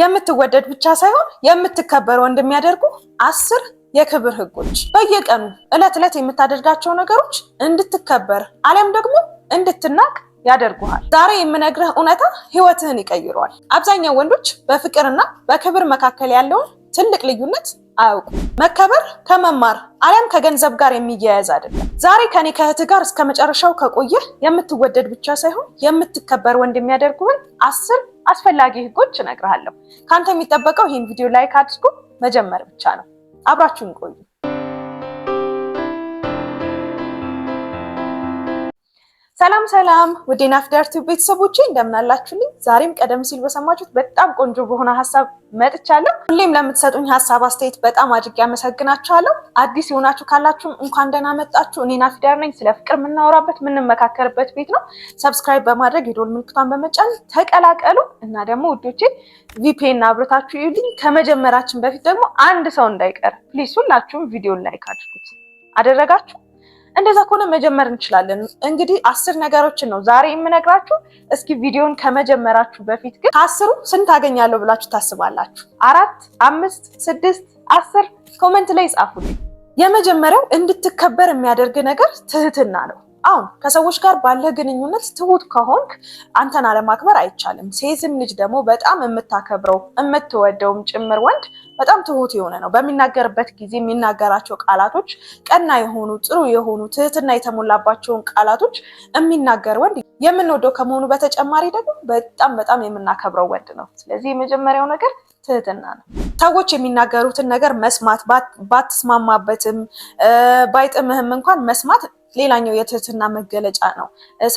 የምትወደድ ብቻ ሳይሆን የምትከበር ወንድ የሚያደርጉ አስር የክብር ህጎች። በየቀኑ እለት እለት የምታደርጋቸው ነገሮች እንድትከበር አሊያም ደግሞ እንድትናቅ ያደርጉሃል። ዛሬ የምነግርህ እውነታ ህይወትህን ይቀይረዋል። አብዛኛው ወንዶች በፍቅርና በክብር መካከል ያለውን ትልቅ ልዩነት አያውቁም። መከበር ከመማር አሊያም ከገንዘብ ጋር የሚያያዝ አይደለም። ዛሬ ከኔ ከእህትህ ጋር እስከ መጨረሻው ከቆየህ የምትወደድ ብቻ ሳይሆን የምትከበር ወንድ የሚያደርጉህን አስር አስፈላጊ ህጎች እነግርሃለሁ። ከአንተ የሚጠበቀው ይህን ቪዲዮ ላይክ አድርጎ መጀመር ብቻ ነው። አብራችሁን ቆዩ። ሰላም ሰላም ውዴ ናፊዳር ቲዩብ ቤተሰቦቼ እንደምናላችሁልኝ። ዛሬም ቀደም ሲል በሰማችሁት በጣም ቆንጆ በሆነ ሀሳብ መጥቻለሁ። ሁሌም ለምትሰጡኝ ሀሳብ አስተያየት በጣም አድርጌ አመሰግናችኋለሁ። አዲስ የሆናችሁ ካላችሁም እንኳን ደህና መጣችሁ። እኔና አፍዳር ነኝ። ስለ ፍቅር የምናወራበት የምንመካከርበት ቤት ነው። ሰብስክራይብ በማድረግ የዶል ምልክቷን በመጫን ተቀላቀሉ እና ደግሞ ውዶቼ ቪፒኤን አብረታችሁ ይሉኝ። ከመጀመራችን በፊት ደግሞ አንድ ሰው እንዳይቀር ፕሊዝ ሁላችሁም ቪዲዮን ላይክ አድርጉት። አደረጋችሁ እንደዛ ከሆነ መጀመር እንችላለን። እንግዲህ አስር ነገሮችን ነው ዛሬ የምነግራችሁ። እስኪ ቪዲዮን ከመጀመራችሁ በፊት ግን ከአስሩ ስንት አገኛለሁ ብላችሁ ታስባላችሁ? አራት፣ አምስት፣ ስድስት፣ አስር ኮመንት ላይ ጻፉልኝ። የመጀመሪያው እንድትከበር የሚያደርግ ነገር ትህትና ነው። አሁን ከሰዎች ጋር ባለ ግንኙነት ትሁት ከሆንክ አንተን አለማክበር አይቻልም። ሴዝም ልጅ ደግሞ በጣም የምታከብረው የምትወደውም ጭምር ወንድ በጣም ትሁት የሆነ ነው። በሚናገርበት ጊዜ የሚናገራቸው ቃላቶች ቀና የሆኑ ጥሩ የሆኑ ትህትና የተሞላባቸውን ቃላቶች የሚናገር ወንድ የምንወደው ከመሆኑ በተጨማሪ ደግሞ በጣም በጣም የምናከብረው ወንድ ነው። ስለዚህ የመጀመሪያው ነገር ትህትና ነው። ሰዎች የሚናገሩትን ነገር መስማት ባትስማማበትም ባይጥምህም እንኳን መስማት ሌላኛው የትህትና መገለጫ ነው።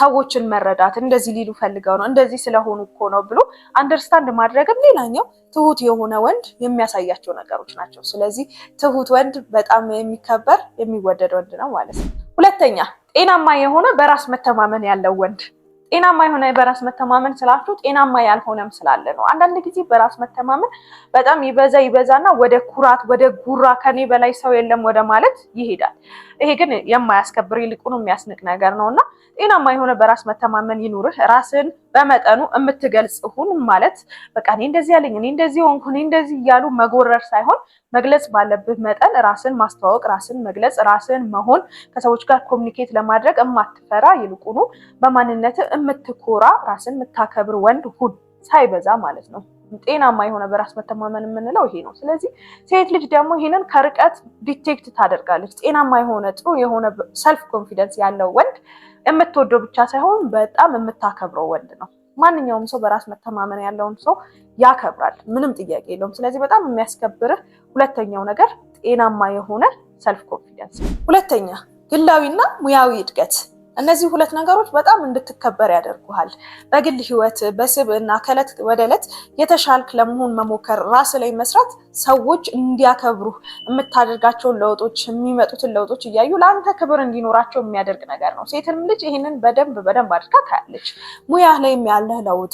ሰዎችን መረዳት እንደዚህ ሊሉ ፈልገው ነው፣ እንደዚህ ስለሆኑ እኮ ነው ብሎ አንደርስታንድ ማድረግም ሌላኛው ትሁት የሆነ ወንድ የሚያሳያቸው ነገሮች ናቸው። ስለዚህ ትሁት ወንድ በጣም የሚከበር የሚወደድ ወንድ ነው ማለት ነው። ሁለተኛ ጤናማ የሆነ በራስ መተማመን ያለው ወንድ ጤናማ የሆነ በራስ መተማመን ስላችሁ ጤናማ ያልሆነም ስላለ ነው። አንዳንድ ጊዜ በራስ መተማመን በጣም ይበዛ ይበዛና ወደ ኩራት፣ ወደ ጉራ ከኔ በላይ ሰው የለም ወደ ማለት ይሄዳል። ይሄ ግን የማያስከብር ይልቁን የሚያስንቅ ነገር ነው እና ጤናማ የሆነ በራስ መተማመን ይኑርህ ራስን በመጠኑ የምትገልጽ ሁን ማለት በቃ እኔ እንደዚህ ያለኝ እኔ እንደዚህ ሆንኩ እኔ እንደዚህ እያሉ መጎረር ሳይሆን መግለጽ ባለብህ መጠን ራስን ማስተዋወቅ፣ ራስን መግለጽ፣ ራስን መሆን ከሰዎች ጋር ኮሚኒኬት ለማድረግ የማትፈራ ይልቁኑ በማንነት የምትኮራ ራስን የምታከብር ወንድ ሁን ሳይበዛ ማለት ነው። ጤናማ የሆነ በራስ መተማመን የምንለው ይሄ ነው። ስለዚህ ሴት ልጅ ደግሞ ይህንን ከርቀት ዲቴክት ታደርጋለች። ጤናማ የሆነ ጥሩ የሆነ ሰልፍ ኮንፊደንስ ያለው ወንድ የምትወደው ብቻ ሳይሆን በጣም የምታከብረው ወንድ ነው። ማንኛውም ሰው በራስ መተማመን ያለውን ሰው ያከብራል፣ ምንም ጥያቄ የለውም። ስለዚህ በጣም የሚያስከብርህ ሁለተኛው ነገር ጤናማ የሆነ ሰልፍ ኮንፊደንስ። ሁለተኛ ግላዊና ሙያዊ እድገት እነዚህ ሁለት ነገሮች በጣም እንድትከበር ያደርጉሃል። በግል ህይወት፣ በስብ እና ከእለት ወደ እለት የተሻልክ ለመሆን መሞከር፣ ራስ ላይ መስራት፣ ሰዎች እንዲያከብሩ የምታደርጋቸውን ለውጦች፣ የሚመጡትን ለውጦች እያዩ ለአንተ ክብር እንዲኖራቸው የሚያደርግ ነገር ነው። ሴትም ልጅ ይህንን በደንብ በደንብ አድርጋ ታያለች። ሙያ ላይም ያለህ ለውጥ፣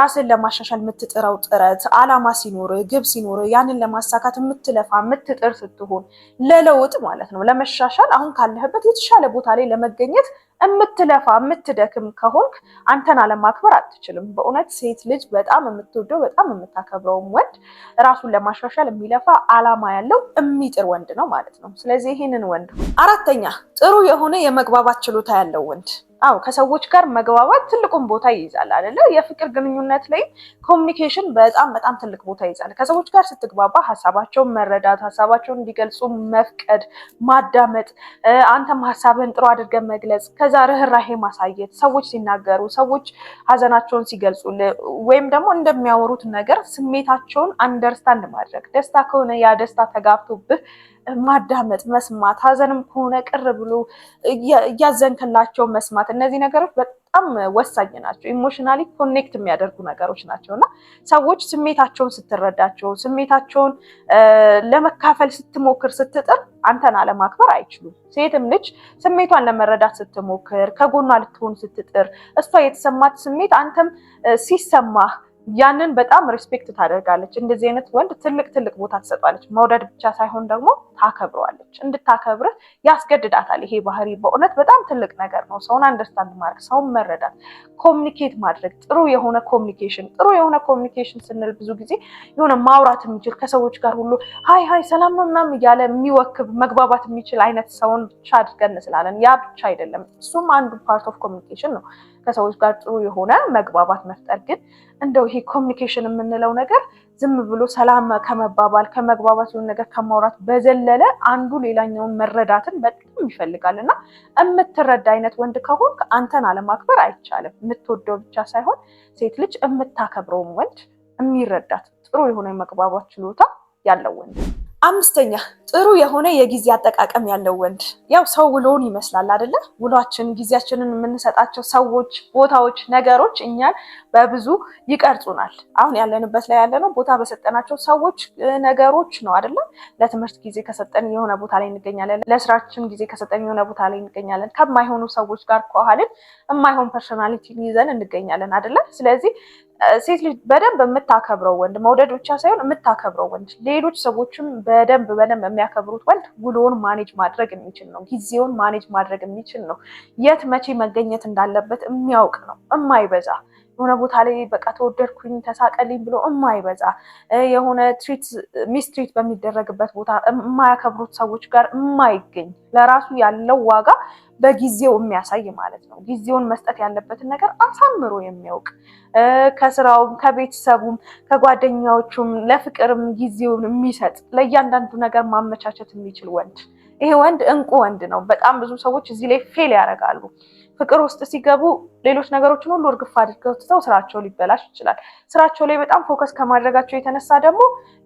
ራስን ለማሻሻል የምትጥረው ጥረት፣ አላማ ሲኖር፣ ግብ ሲኖር፣ ያንን ለማሳካት የምትለፋ የምትጥር ስትሆን ለለውጥ ማለት ነው ለመሻሻል አሁን ካለህበት የተሻለ ቦታ ላይ ለመገኘት የምትለፋ የምትደክም ከሆንክ አንተን አለማክበር አትችልም። በእውነት ሴት ልጅ በጣም የምትወደው በጣም የምታከብረውም ወንድ ራሱን ለማሻሻል የሚለፋ አላማ ያለው የሚጥር ወንድ ነው ማለት ነው። ስለዚህ ይህንን ወንድ አራተኛ ጥሩ የሆነ የመግባባት ችሎታ ያለው ወንድ አዎ ከሰዎች ጋር መግባባት ትልቁን ቦታ ይይዛል አይደለ? የፍቅር ግንኙነት ላይ ኮሚኒኬሽን በጣም በጣም ትልቅ ቦታ ይይዛል። ከሰዎች ጋር ስትግባባ ሀሳባቸውን መረዳት፣ ሀሳባቸውን እንዲገልጹ መፍቀድ፣ ማዳመጥ፣ አንተም ሀሳብህን ጥሩ አድርገን መግለጽ፣ ከዛ ርህራሄ ማሳየት፣ ሰዎች ሲናገሩ፣ ሰዎች ሀዘናቸውን ሲገልጹ ወይም ደግሞ እንደሚያወሩት ነገር ስሜታቸውን አንደርስታንድ ማድረግ፣ ደስታ ከሆነ ያ ደስታ ተጋብቶብህ ማዳመጥ፣ መስማት፣ ሀዘንም ከሆነ ቅር ብሎ እያዘንክላቸው መስማት፣ እነዚህ ነገሮች በጣም ወሳኝ ናቸው። ኢሞሽናሊ ኮኔክት የሚያደርጉ ነገሮች ናቸው እና ሰዎች ስሜታቸውን ስትረዳቸው፣ ስሜታቸውን ለመካፈል ስትሞክር፣ ስትጥር አንተን አለማክበር አይችሉም። ሴትም ልጅ ስሜቷን ለመረዳት ስትሞክር፣ ከጎኗ ልትሆን ስትጥር፣ እሷ የተሰማት ስሜት አንተም ሲሰማህ ያንን በጣም ሪስፔክት ታደርጋለች። እንደዚህ አይነት ወንድ ትልቅ ትልቅ ቦታ ትሰጧለች። መውደድ ብቻ ሳይሆን ደግሞ ታከብረዋለች። እንድታከብር ያስገድዳታል። ይሄ ባህሪ በእውነት በጣም ትልቅ ነገር ነው። ሰውን አንደርስታንድ ማድረግ፣ ሰውን መረዳት፣ ኮሚኒኬት ማድረግ፣ ጥሩ የሆነ ኮሚኒኬሽን። ጥሩ የሆነ ኮሚኒኬሽን ስንል ብዙ ጊዜ የሆነ ማውራት የሚችል ከሰዎች ጋር ሁሉ ሀይ ሀይ ሰላም ነው ምናምን እያለ የሚወክብ መግባባት የሚችል አይነት ሰውን ብቻ አድርገን ስላለን ያ ብቻ አይደለም። እሱም አንዱ ፓርት ኦፍ ኮሚኒኬሽን ነው። ከሰዎች ጋር ጥሩ የሆነ መግባባት መፍጠር። ግን እንደው ይሄ ኮሚኒኬሽን የምንለው ነገር ዝም ብሎ ሰላም ከመባባል ከመግባባት የሆነ ነገር ከማውራት በዘለለ አንዱ ሌላኛውን መረዳትን በጣም ይፈልጋል እና የምትረዳ አይነት ወንድ ከሆን አንተን አለማክበር አይቻልም። የምትወደው ብቻ ሳይሆን ሴት ልጅ የምታከብረውም ወንድ የሚረዳት ጥሩ የሆነ የመግባባት ችሎታ ያለው ወንድ አምስተኛ ጥሩ የሆነ የጊዜ አጠቃቀም ያለው ወንድ። ያው ሰው ውሎን ይመስላል አይደለ? ውሏችን፣ ጊዜያችንን የምንሰጣቸው ሰዎች፣ ቦታዎች፣ ነገሮች እኛን በብዙ ይቀርጹናል። አሁን ያለንበት ላይ ያለነው ቦታ በሰጠናቸው ሰዎች፣ ነገሮች ነው አይደለ? ለትምህርት ጊዜ ከሰጠን የሆነ ቦታ ላይ እንገኛለን። ለስራችን ጊዜ ከሰጠን የሆነ ቦታ ላይ እንገኛለን። ከማይሆኑ ሰዎች ጋር ከኋልን የማይሆን ፐርሶናሊቲ ይዘን እንገኛለን አይደለ? ስለዚህ ሴት ልጅ በደንብ የምታከብረው ወንድ መውደድ ብቻ ሳይሆን የምታከብረው ወንድ ሌሎች ሰዎችም በደንብ በደንብ የሚያከብሩት ወንድ ውሎውን ማኔጅ ማድረግ የሚችል ነው። ጊዜውን ማኔጅ ማድረግ የሚችል ነው። የት መቼ መገኘት እንዳለበት የሚያውቅ ነው። እማይበዛ የሆነ ቦታ ላይ በቃ ተወደድኩኝ ተሳቀልኝ ብሎ እማይበዛ የሆነ ትሪት ሚስትሪት በሚደረግበት ቦታ የማያከብሩት ሰዎች ጋር የማይገኝ ለራሱ ያለው ዋጋ በጊዜው የሚያሳይ ማለት ነው። ጊዜውን መስጠት ያለበትን ነገር አሳምሮ የሚያውቅ ከስራውም፣ ከቤተሰቡም፣ ከጓደኛዎቹም ለፍቅርም ጊዜውን የሚሰጥ ለእያንዳንዱ ነገር ማመቻቸት የሚችል ወንድ ይሄ ወንድ እንቁ ወንድ ነው። በጣም ብዙ ሰዎች እዚህ ላይ ፌል ያደርጋሉ። ፍቅር ውስጥ ሲገቡ ሌሎች ነገሮችን ሁሉ እርግፍ አድርገው ትተው ስራቸው ሊበላሽ ይችላል። ስራቸው ላይ በጣም ፎከስ ከማድረጋቸው የተነሳ ደግሞ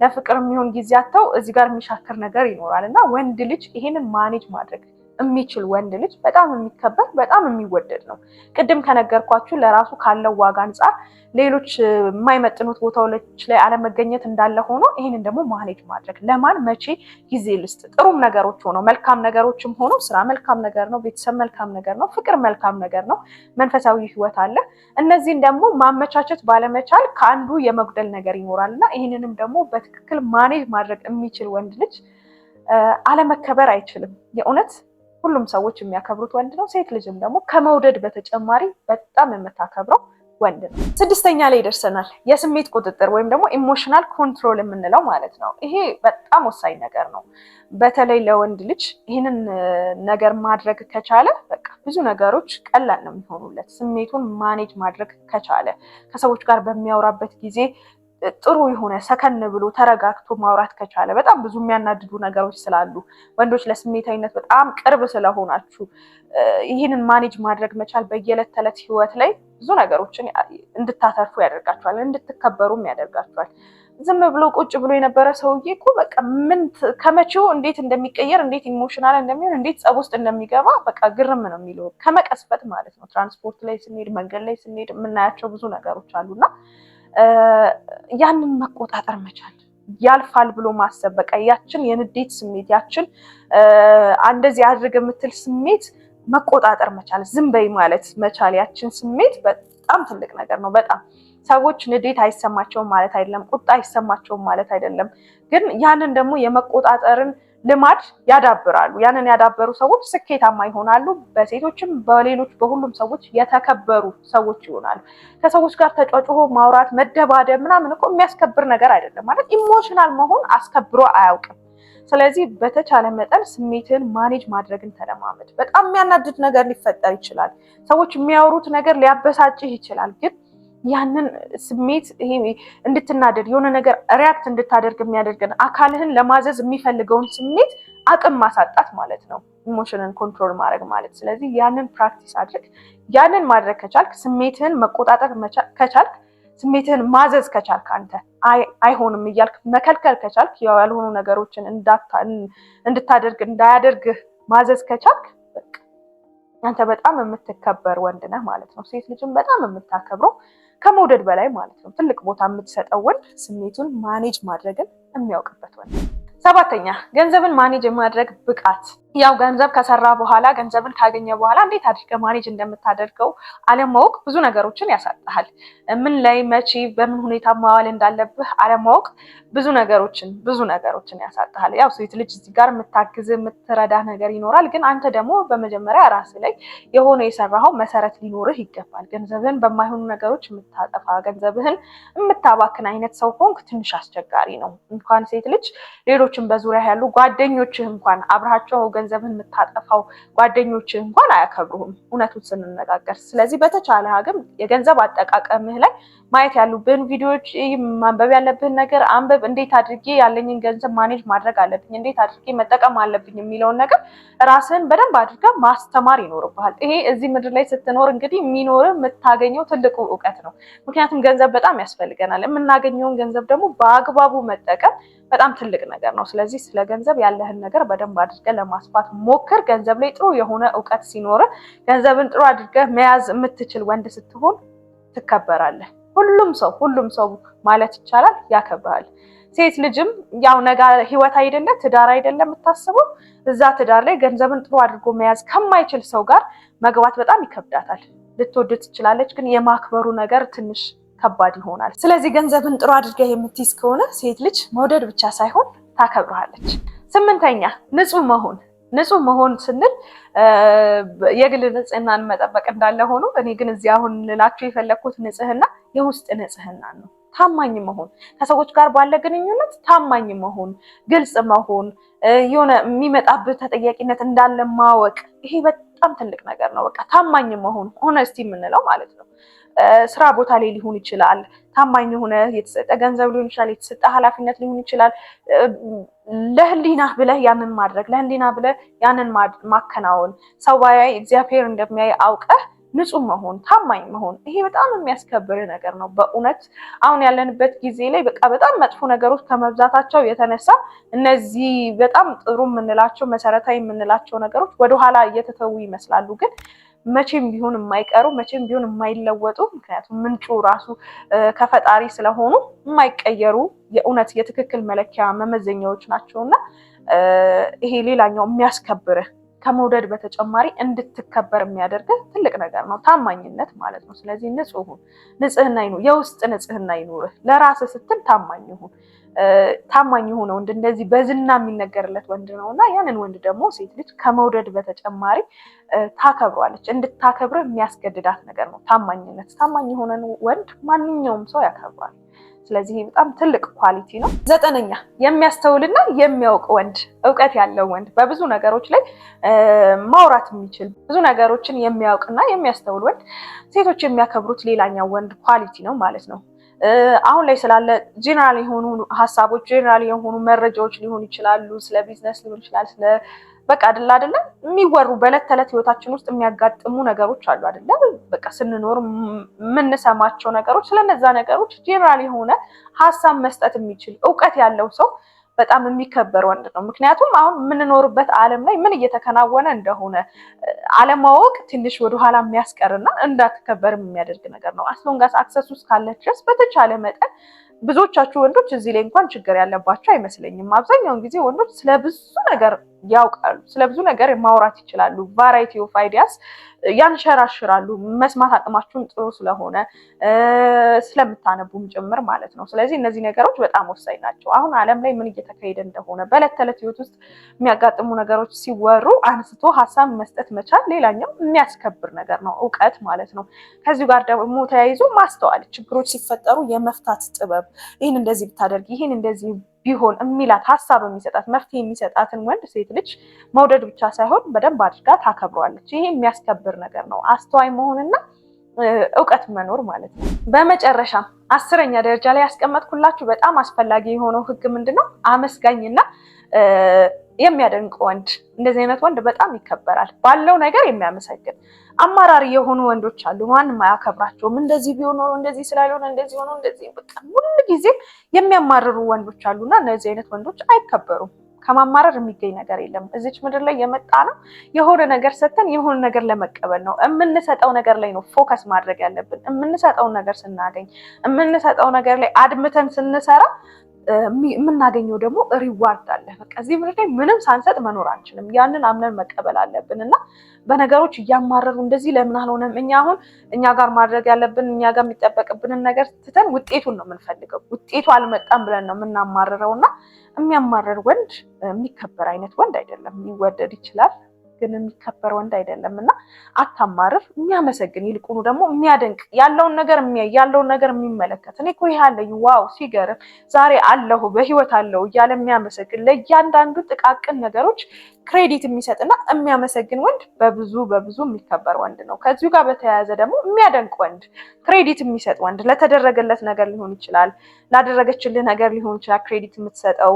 ለፍቅር የሚሆን ጊዜ አጥተው እዚህ ጋር የሚሻክር ነገር ይኖራል እና ወንድ ልጅ ይሄንን ማኔጅ ማድረግ የሚችል ወንድ ልጅ በጣም የሚከበር በጣም የሚወደድ ነው። ቅድም ከነገርኳችሁ ለራሱ ካለው ዋጋ አንጻር ሌሎች የማይመጥኑት ቦታዎች ላይ አለመገኘት እንዳለ ሆኖ ይህንን ደግሞ ማኔጅ ማድረግ ለማን መቼ ጊዜ ልስጥ? ጥሩም ነገሮች ሆኖ መልካም ነገሮችም ሆኖ ስራ መልካም ነገር ነው፣ ቤተሰብ መልካም ነገር ነው፣ ፍቅር መልካም ነገር ነው፣ መንፈሳዊ ህይወት አለ። እነዚህን ደግሞ ማመቻቸት ባለመቻል ከአንዱ የመጉደል ነገር ይኖራል እና ይህንንም ደግሞ በትክክል ማኔጅ ማድረግ የሚችል ወንድ ልጅ አለመከበር አይችልም የእውነት ሁሉም ሰዎች የሚያከብሩት ወንድ ነው። ሴት ልጅም ደግሞ ከመውደድ በተጨማሪ በጣም የምታከብረው ወንድ ነው። ስድስተኛ ላይ ደርሰናል። የስሜት ቁጥጥር ወይም ደግሞ ኢሞሽናል ኮንትሮል የምንለው ማለት ነው። ይሄ በጣም ወሳኝ ነገር ነው። በተለይ ለወንድ ልጅ ይህንን ነገር ማድረግ ከቻለ በቃ ብዙ ነገሮች ቀላል ነው የሚሆኑለት። ስሜቱን ማኔጅ ማድረግ ከቻለ ከሰዎች ጋር በሚያወራበት ጊዜ ጥሩ የሆነ ሰከን ብሎ ተረጋግቶ ማውራት ከቻለ በጣም ብዙ የሚያናድዱ ነገሮች ስላሉ ወንዶች ለስሜታዊነት በጣም ቅርብ ስለሆናችሁ ይህንን ማኔጅ ማድረግ መቻል በየዕለት ተዕለት ህይወት ላይ ብዙ ነገሮችን እንድታተርፉ ያደርጋችኋል፣ እንድትከበሩም ያደርጋችኋል። ዝም ብሎ ቁጭ ብሎ የነበረ ሰውዬ እኮ በቃ ምን ከመቼው እንዴት እንደሚቀየር እንዴት ኢሞሽናል እንደሚሆን እንዴት ጸብ ውስጥ እንደሚገባ በቃ ግርም ነው የሚለው ከመቀስበት ማለት ነው። ትራንስፖርት ላይ ስንሄድ መንገድ ላይ ስንሄድ የምናያቸው ብዙ ነገሮች አሉና ያንን መቆጣጠር መቻል ያልፋል ብሎ ማሰብ በቃ ያችን የንዴት ስሜት ያችን እንደዚህ አድርግ የምትል ስሜት መቆጣጠር መቻል፣ ዝም በይ ማለት መቻል ያችን ስሜት በጣም ትልቅ ነገር ነው። በጣም ሰዎች ንዴት አይሰማቸውም ማለት አይደለም፣ ቁጣ አይሰማቸውም ማለት አይደለም። ግን ያንን ደግሞ የመቆጣጠርን ልማድ ያዳብራሉ። ያንን ያዳበሩ ሰዎች ስኬታማ ይሆናሉ። በሴቶችም በሌሎች በሁሉም ሰዎች የተከበሩ ሰዎች ይሆናሉ። ከሰዎች ጋር ተጫጭሆ ማውራት፣ መደባደብ ምናምን እኮ የሚያስከብር ነገር አይደለም። ማለት ኢሞሽናል መሆን አስከብሮ አያውቅም። ስለዚህ በተቻለ መጠን ስሜትን ማኔጅ ማድረግን ተለማመድ። በጣም የሚያናድድ ነገር ሊፈጠር ይችላል። ሰዎች የሚያወሩት ነገር ሊያበሳጭህ ይችላል ግን ያንን ስሜት እንድትናደድ የሆነ ነገር ሪያክት እንድታደርግ የሚያደርግን አካልህን ለማዘዝ የሚፈልገውን ስሜት አቅም ማሳጣት ማለት ነው፣ ኢሞሽንን ኮንትሮል ማድረግ ማለት። ስለዚህ ያንን ፕራክቲስ አድርግ። ያንን ማድረግ ከቻልክ ስሜትህን መቆጣጠር ከቻልክ ስሜትህን ማዘዝ ከቻልክ አንተ አይሆንም እያልክ መከልከል ከቻልክ ያልሆኑ ነገሮችን እንድታደርግ እንዳያደርግህ ማዘዝ ከቻልክ አንተ በጣም የምትከበር ወንድ ነህ ማለት ነው። ሴት ልጅም በጣም የምታከብረው ከመውደድ በላይ ማለት ነው። ትልቅ ቦታ የምትሰጠው ወንድ ስሜቱን ማኔጅ ማድረግን የሚያውቅበት ወንድ። ሰባተኛ ገንዘብን ማኔጅ የማድረግ ብቃት ያው ገንዘብ ከሰራ በኋላ ገንዘብን ካገኘ በኋላ እንዴት አድርገ ማኔጅ እንደምታደርገው አለማወቅ ብዙ ነገሮችን ያሳጣሃል። ምን ላይ መቼ፣ በምን ሁኔታ ማዋል እንዳለብህ አለማወቅ ብዙ ነገሮችን ብዙ ነገሮችን ያሳጣሃል። ያው ሴት ልጅ እዚህ ጋር የምታግዝ የምትረዳ ነገር ይኖራል፣ ግን አንተ ደግሞ በመጀመሪያ ራስ ላይ የሆነ የሰራኸው መሰረት ሊኖርህ ይገባል። ገንዘብህን በማይሆኑ ነገሮች የምታጠፋ ገንዘብህን የምታባክን አይነት ሰው ከሆንክ ትንሽ አስቸጋሪ ነው። እንኳን ሴት ልጅ ሌሎችን በዙሪያ ያሉ ጓደኞችህ እንኳን አብረሃቸው ገንዘብን የምታጠፋው ጓደኞች እንኳን አያከብሩህም እውነቱን ስንነጋገር። ስለዚህ በተቻለ አቅም የገንዘብ አጠቃቀምህ ላይ ማየት ያሉብን ቪዲዮዎች፣ ማንበብ ያለብን ነገር አንበብ። እንዴት አድርጌ ያለኝን ገንዘብ ማኔጅ ማድረግ አለብኝ፣ እንዴት አድርጌ መጠቀም አለብኝ የሚለውን ነገር ራስን በደንብ አድርገ ማስተማር ይኖርብሃል። ይሄ እዚህ ምድር ላይ ስትኖር እንግዲህ የሚኖር የምታገኘው ትልቁ እውቀት ነው። ምክንያቱም ገንዘብ በጣም ያስፈልገናል። የምናገኘውን ገንዘብ ደግሞ በአግባቡ መጠቀም በጣም ትልቅ ነገር ነው። ስለዚህ ስለ ገንዘብ ያለህን ነገር በደንብ አድርገህ ለማስፋት ሞክር። ገንዘብ ላይ ጥሩ የሆነ እውቀት ሲኖር ገንዘብን ጥሩ አድርገህ መያዝ የምትችል ወንድ ስትሆን ትከበራለህ። ሁሉም ሰው ሁሉም ሰው ማለት ይቻላል ያከብራል። ሴት ልጅም ያው ነገ ህይወት አይደለ ትዳር አይደለ የምታስበው እዛ ትዳር ላይ ገንዘብን ጥሩ አድርጎ መያዝ ከማይችል ሰው ጋር መግባት በጣም ይከብዳታል። ልትወድ ትችላለች፣ ግን የማክበሩ ነገር ትንሽ ከባድ ይሆናል። ስለዚህ ገንዘብን ጥሩ አድርጋ የምትይዝ ከሆነ ሴት ልጅ መውደድ ብቻ ሳይሆን ታከብረሃለች። ስምንተኛ ንጹህ መሆን ንጹህ መሆን ስንል የግል ንጽህናን መጠበቅ እንዳለ ሆኖ እኔ ግን እዚህ አሁን ልላቸው የፈለግኩት ንጽህና የውስጥ ንጽህና ነው። ታማኝ መሆን፣ ከሰዎች ጋር ባለ ግንኙነት ታማኝ መሆን፣ ግልጽ መሆን፣ የሆነ የሚመጣብህ ተጠያቂነት እንዳለ ማወቅ ይሄ በጣም ትልቅ ነገር ነው። በቃ ታማኝ መሆን ሆነስቲ የምንለው ማለት ነው። ስራ ቦታ ላይ ሊሆን ይችላል። ታማኝ የሆነ የተሰጠ ገንዘብ ሊሆን ይችላል። የተሰጠ ኃላፊነት ሊሆን ይችላል። ለህሊና ብለህ ያንን ማድረግ፣ ለህሊና ብለህ ያንን ማከናወን ሰው ባያይ እግዚአብሔር እንደሚያይ አውቀህ ንጹህ መሆን፣ ታማኝ መሆን ይሄ በጣም የሚያስከብር ነገር ነው። በእውነት አሁን ያለንበት ጊዜ ላይ በቃ በጣም መጥፎ ነገሮች ከመብዛታቸው የተነሳ እነዚህ በጣም ጥሩ የምንላቸው መሰረታዊ የምንላቸው ነገሮች ወደኋላ እየተተዉ ይመስላሉ ግን መቼም ቢሆን የማይቀሩ መቼም ቢሆን የማይለወጡ ምክንያቱም ምንጩ ራሱ ከፈጣሪ ስለሆኑ የማይቀየሩ የእውነት የትክክል መለኪያ መመዘኛዎች ናቸው እና ይሄ ሌላኛው የሚያስከብርህ ከመውደድ በተጨማሪ እንድትከበር የሚያደርግህ ትልቅ ነገር ነው፣ ታማኝነት ማለት ነው። ስለዚህ ንጹህ ንጽህና ይኑ፣ የውስጥ ንጽህና ይኑርህ። ለራስ ስትል ታማኝ ሁን። ታማኝ ሁነ ወንድ እንደዚህ በዝና የሚነገርለት ወንድ ነው እና ያንን ወንድ ደግሞ ሴት ልጅ ከመውደድ በተጨማሪ ታከብሯለች። እንድታከብር የሚያስገድዳት ነገር ነው ታማኝነት። ታማኝ የሆነን ወንድ ማንኛውም ሰው ያከብራል። ስለዚህ በጣም ትልቅ ኳሊቲ ነው። ዘጠነኛ የሚያስተውልና የሚያውቅ ወንድ፣ እውቀት ያለው ወንድ፣ በብዙ ነገሮች ላይ ማውራት የሚችል ብዙ ነገሮችን የሚያውቅና የሚያስተውል ወንድ ሴቶች የሚያከብሩት ሌላኛው ወንድ ኳሊቲ ነው ማለት ነው። አሁን ላይ ስላለ ጄኔራል የሆኑ ሀሳቦች ጄኔራል የሆኑ መረጃዎች ሊሆኑ ይችላሉ። ስለ ቢዝነስ ሊሆን ይችላል፣ ስለ በቃ አደለ አደለ የሚወሩ በእለት ተዕለት ህይወታችን ውስጥ የሚያጋጥሙ ነገሮች አሉ አደለ በቃ ስንኖር የምንሰማቸው ነገሮች ስለነዛ ነገሮች ጄኔራል የሆነ ሀሳብ መስጠት የሚችል እውቀት ያለው ሰው በጣም የሚከበር ወንድ ነው። ምክንያቱም አሁን የምንኖርበት ዓለም ላይ ምን እየተከናወነ እንደሆነ አለማወቅ ትንሽ ወደኋላ የሚያስቀርና እንዳትከበርም የሚያደርግ ነገር ነው። አስሎንጋስ አክሰስ ውስጥ ካለ ድረስ በተቻለ መጠን ብዙዎቻችሁ ወንዶች እዚህ ላይ እንኳን ችግር ያለባቸው አይመስለኝም። አብዛኛውን ጊዜ ወንዶች ስለ ብዙ ነገር ያውቃሉ። ስለ ብዙ ነገር ማውራት ይችላሉ። ቫራይቲ ኦፍ አይዲያስ ያንሸራሽራሉ። መስማት አቅማችሁም ጥሩ ስለሆነ ስለምታነቡም ጭምር ማለት ነው። ስለዚህ እነዚህ ነገሮች በጣም ወሳኝ ናቸው። አሁን ዓለም ላይ ምን እየተካሄደ እንደሆነ በዕለት ተዕለት ህይወት ውስጥ የሚያጋጥሙ ነገሮች ሲወሩ አንስቶ ሀሳብ መስጠት መቻል ሌላኛው የሚያስከብር ነገር ነው፣ እውቀት ማለት ነው። ከዚሁ ጋር ደግሞ ተያይዞ ማስተዋል፣ ችግሮች ሲፈጠሩ የመፍታት ጥበብ፣ ይህን እንደዚህ ብታደርግ ይህን እንደዚህ ቢሆን የሚላት ሀሳብ የሚሰጣት መፍትሄ የሚሰጣትን ወንድ ሴት ልጅ መውደድ ብቻ ሳይሆን በደንብ አድርጋ ታከብረዋለች። ይሄ የሚያስከብር ነገር ነው። አስተዋይ መሆንና እውቀት መኖር ማለት ነው። በመጨረሻ አስረኛ ደረጃ ላይ ያስቀመጥኩላችሁ በጣም አስፈላጊ የሆነው ህግ ምንድን ነው? አመስጋኝና የሚያደንቅ ወንድ። እንደዚህ አይነት ወንድ በጣም ይከበራል። ባለው ነገር የሚያመሰግን አማራሪ የሆኑ ወንዶች አሉ። ማንም አያከብራቸውም። እንደዚህ ቢሆኑ እንደዚህ ስላልሆነ እንደዚህ ሆኖ እንደዚህ በቃ ሁሉ ጊዜ የሚያማርሩ ወንዶች አሉና እነዚህ አይነት ወንዶች አይከበሩም። ከማማረር የሚገኝ ነገር የለም። እዚች ምድር ላይ የመጣ ነው የሆነ ነገር ሰተን የሆነ ነገር ለመቀበል ነው። የምንሰጠው ነገር ላይ ነው ፎከስ ማድረግ ያለብን። የምንሰጠውን ነገር ስናገኝ፣ የምንሰጠው ነገር ላይ አድምተን ስንሰራ የምናገኘው ደግሞ ሪዋርድ አለ። በቃ እዚህ ምድር ላይ ምንም ሳንሰጥ መኖር አንችልም። ያንን አምነን መቀበል አለብን እና በነገሮች እያማረሩ እንደዚህ ለምን አልሆነም? እኛ አሁን እኛ ጋር ማድረግ ያለብን እኛ ጋር የሚጠበቅብንን ነገር ትተን ውጤቱን ነው የምንፈልገው። ውጤቱ አልመጣም ብለን ነው የምናማርረው እና የሚያማርር ወንድ የሚከበር አይነት ወንድ አይደለም። ሊወደድ ይችላል ግን የሚከበር ወንድ አይደለም እና አታማርር፣ የሚያመሰግን ይልቁኑ ደግሞ የሚያደንቅ ያለውን ነገር የሚያይ ያለውን ነገር የሚመለከት እኔ እኮ ይህ አለኝ ዋው ሲገርም ዛሬ አለሁ በህይወት አለው እያለ የሚያመሰግን ለእያንዳንዱ ጥቃቅን ነገሮች ክሬዲት የሚሰጥና የሚያመሰግን ወንድ በብዙ በብዙ የሚከበር ወንድ ነው። ከዚሁ ጋር በተያያዘ ደግሞ የሚያደንቅ ወንድ፣ ክሬዲት የሚሰጥ ወንድ ለተደረገለት ነገር ሊሆን ይችላል፣ ላደረገችልህ ነገር ሊሆን ይችላል ክሬዲት የምትሰጠው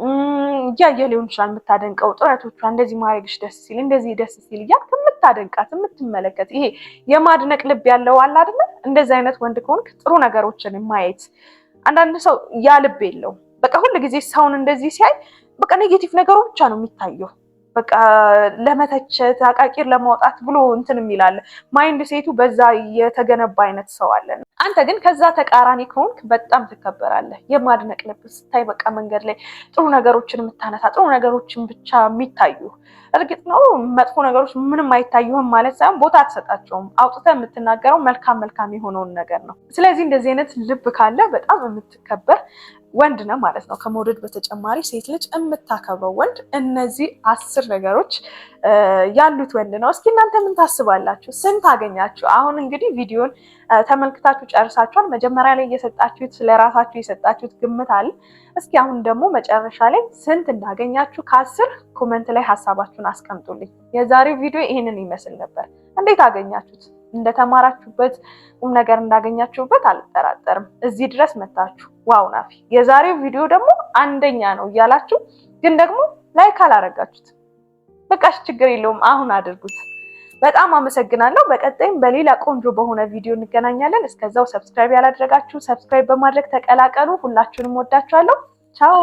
እያየ ሊሆን ይችላል የምታደንቀው ጥረቶቿ እንደዚህ ማድረግሽ ደስ ሲል እንደዚህ ደስ ሲል እያልክ የምታደንቃት የምትመለከት ይሄ የማድነቅ ልብ ያለው አለ አይደለ? እንደዚህ አይነት ወንድ ከሆንክ ጥሩ ነገሮችን ማየት። አንዳንድ ሰው ያ ልብ የለውም። በቃ ሁል ጊዜ ሰውን እንደዚህ ሲያይ በቃ ኔጌቲቭ ነገሩ ብቻ ነው የሚታየው። በቃ ለመተቸት አቃቂር ለማውጣት ብሎ እንትን የሚላለ ማይንድ ሴቱ በዛ የተገነባ አይነት ሰው አለን። አንተ ግን ከዛ ተቃራኒ ከሆንክ በጣም ትከበራለህ። የማድነቅ ልብ ስታይ በቃ መንገድ ላይ ጥሩ ነገሮችን የምታነሳ ጥሩ ነገሮችን ብቻ የሚታዩ እርግጥ ነው መጥፎ ነገሮች ምንም አይታዩህም ማለት ሳይሆን ቦታ አትሰጣቸውም። አውጥተህ የምትናገረው መልካም መልካም የሆነውን ነገር ነው። ስለዚህ እንደዚህ አይነት ልብ ካለ በጣም የምትከበር ወንድ ነው ማለት ነው። ከመውደድ በተጨማሪ ሴት ልጅ የምታከብረው ወንድ እነዚህ አስር ነገሮች ያሉት ወንድ ነው። እስኪ እናንተ ምን ታስባላችሁ? ስንት አገኛችሁ? አሁን እንግዲህ ቪዲዮን ተመልክታችሁ ጨርሳችኋል። መጀመሪያ ላይ እየሰጣችሁት ስለራሳችሁ የሰጣችሁት ግምት አለ። እስኪ አሁን ደግሞ መጨረሻ ላይ ስንት እንዳገኛችሁ ከአስር ኮመንት ላይ ሀሳባችሁን አስቀምጡልኝ። የዛሬው ቪዲዮ ይህንን ይመስል ነበር። እንዴት አገኛችሁት? እንደተማራችሁበት ቁም ነገር እንዳገኛችሁበት አልጠራጠርም። እዚህ ድረስ መታችሁ ዋው ናፊ የዛሬው ቪዲዮ ደግሞ አንደኛ ነው እያላችሁ ግን ደግሞ ላይክ አላረጋችሁት፣ በቃሽ ችግር የለውም አሁን አድርጉት። በጣም አመሰግናለሁ። በቀጣይም በሌላ ቆንጆ በሆነ ቪዲዮ እንገናኛለን። እስከዛው ሰብስክራይብ ያላደረጋችሁ ሰብስክራይብ በማድረግ ተቀላቀሉ። ሁላችሁንም ወዳችኋለሁ። ቻው